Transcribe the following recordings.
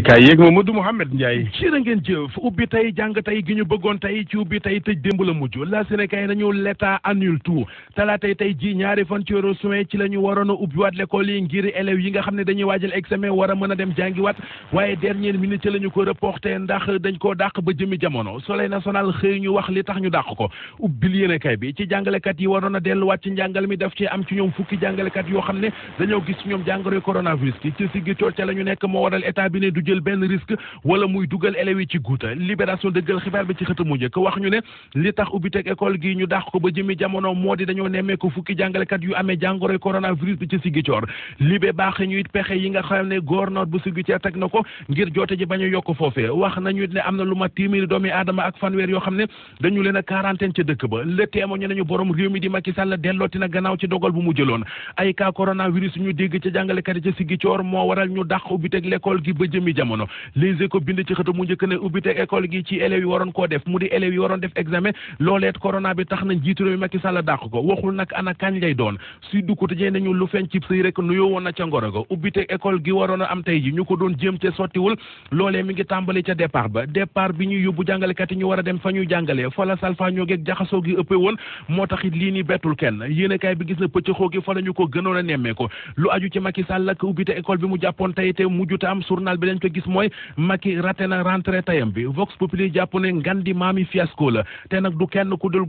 yëglekaay yeeg Mamadou Mouhamed Ndiaye jërë ngeen jëf ubbi tey jàng tey gi ñu bëggoon tey ci ubbi tey tëj démb la mujj la Sénégal nañu l'état annule tout talaatay tey ji ñaari fan ci weeru juin ci la ñu waroon a ubbiwaat l'école yi ngir élèves yi nga xam ne dañuy waajal examen war a mën a dem jàngiwaat waaye dernière minute ci la ñu ko reporté ndax dañ koo dàq ba jëmi jamono Soleil national xëy ñu wax li tax ñu dàq ko ubbil yéenekaay bi ci jàngalekat yi waroon a delluwaat jël benn risque wala muy dugal élèves ci guuta libération dëggal xibaar bi ci xët mu wax ñu ne li tax ubbiteg école gi ñu dàq ko ba jëmi jamono moo di dañoo nemmee ko fukki jàngalekat yu amee jàngoroy ko ngir joote ji bañ a yokk foofee wax nañu ne am na lu ma téeméeri doomi aadama ak fanweer yoo xam ne dañu leen a quarantaine ca dëkk ba le témoigné nañu borom réew mi di Macky Sall dellooti na gannaaw ci dogal bu mu jëloon ay cas coronavirus ñu ñu dàq jëmmi jamono Les Échos bind ci xëta mu njëkk ne ubbite école gi ci élèves yi waroon koo def mu di élèves yi waroon def examen looleet corona bi tax na njiitu réew mi dàq ko waxul nag a am tey ji ñu ko doon jéem ca sottiwul loolee mi ngi tàmbali ca départ ba départ bi ñu yóbbu jàngalekat ñu war a dem fa ñuy jàngalee fa la salfa ñoo geeg jaxasoo gi ëppee woon moo taxit lii ni bettul kenn yéenekaay bi gis na pëccëxoo gi fa ñu ko gënoon a nemmee ko lu aju ca gis mooy Macky raté na rentrée tayam bi Vox Populi jàpp ne ngandi maami fiasco la te nag du kenn ku dul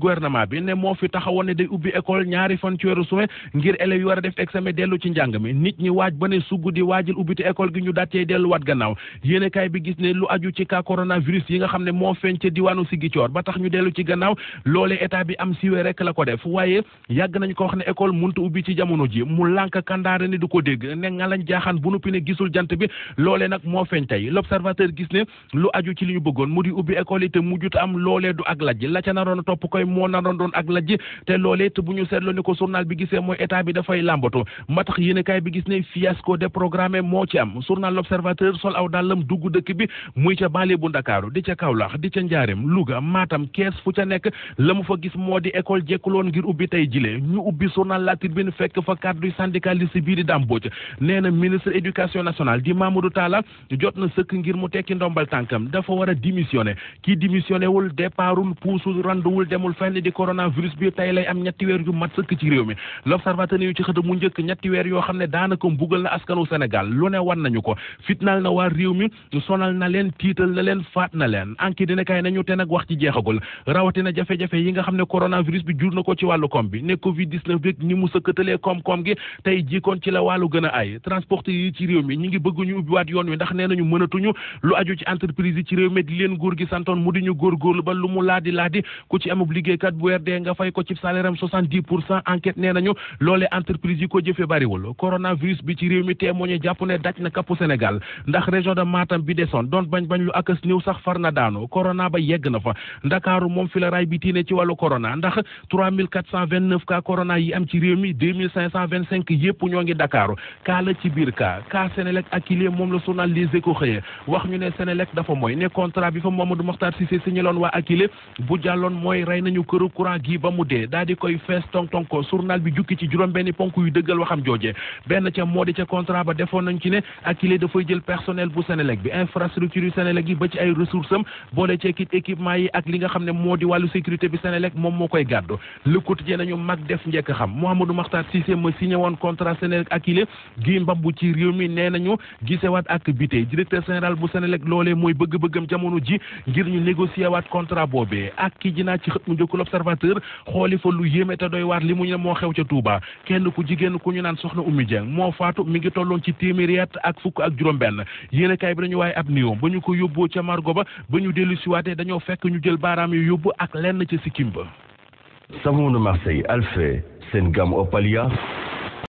bi ne moo fi taxawoon ne day ubbi école ñaari fan ci weeru suwe ngir élèves yi war a def examen dellu ci njàng mi nit ñi waaj ba ne sugg di waajal ubbiti école gi ñu dàccee delluwaat gannaaw yéene kaay bi gis ne lu aju ci cas coronavirus yi nga xam ne moo feeñ ca diwaanu Sigicoor ba tax ñu dellu ci gannaaw loolee état bi am siwe moo feeñ tey l'observateur mu di ubbi école yi te mujjut am loolee du ak lajj moo bi gisee mooy bi dafay làmbatu ma moo ci am journal l'observateur sol aw dàllam dugg dëkk bi muy ca banlieue di ca Kaolack di ca Njaareem Louga Matam Kees fu ca nekk la mu fa gis moo di école jekkuloon ngir ubbi tey jile ñu ubbi journal La Tribune fekk fa kàddu syndicaliste na ministre éducation nationale di Mamadou Talla jot na sëkk ngir mu tekki ndombal tànkam dafa war a démissionné kii démissionné wul départul puusul randuwul demul fenn di coronavirus bi tey lay am ñetti weer yu mat sëkk ci réew mi l'observateur yu ci xëta mu njëkk ñetti weer yoo xam ne daanaka mbugal na askanu Sénégal lu ne wan nañu ko fitnaal na waa réew mi sonal na leen tiital na leen faat na leen anki dina kay nañu te wax ci jeexagul rawatina jafe-jafe yi nga xam ne coronavirus bi jur na ko a nee nañu mënatuñu lu aju ci entreprise yi ci réew mi di leen góor gi santoon mu di ñu góorgóorlu ba lu mu laadi laadi ku ci amub liggéeykat bu weer nga fay ko ci salaire soixante-dix pour cent enquête nee nañu loolee entreprise yi ko jëfe bariwul coronavirus bi ci réew mi témoigné jàpp ne daj na kapp Sénégal ndax région de Matam bi desoon doon bañ bañ lu akas néew sax far na daanu corona ba yegg na fa ndakaaru moom fi bi tiine ci wàllu les éco xëyee wax ñu ne Senelec dafa mooy ne contrat bi fa Mamadou Mokhtar Cissé signé loon waa Akile bu nañu këru courant gi ba mu dee daal di koy fees tongtong ko journal bi jukki ci juróom benn ponk yu dëggal waxam jooje benn ca moo di ca contrat ba defoon nañ ci ne Akile dafay bu Senelec bi infrastructure yu Senelec yi ba ci ay yi ak li nga xam ne moo di wàllu sécurité bi Senelec moom moo koy gàddu Le mag def njëkk xam Mamadou Mokhtar Cissé ma signé woon contrat Senelec Akile gi mbambu ci réew mi nee nañu gisewaat ak bité Ndiaye directeur général bu Senelec loolee mooy bëgg-bëggam jamono ji ngir ñu négocier waat contrat boobee ak ki jinaa ci xët mu njëkk l'Observateur xooli fa lu yéeme te doy waat li mu ñu ne moo xew ca Touba kenn ku jigéen ku ñu naan soxna Oumy Dieng moo faatu mi ngi tolloon ci téeméeri at ak fukk ak juróom benn yéen kaay bi dañu waaye ab néew ba ñu ko yóbboo ca Margo ba ba ñu dellu siwaatee dañoo fekk ñu jël baaraam yu yóbbu ak lenn ca sikkim ba savon de Marseille Alphé seen gamme Opalia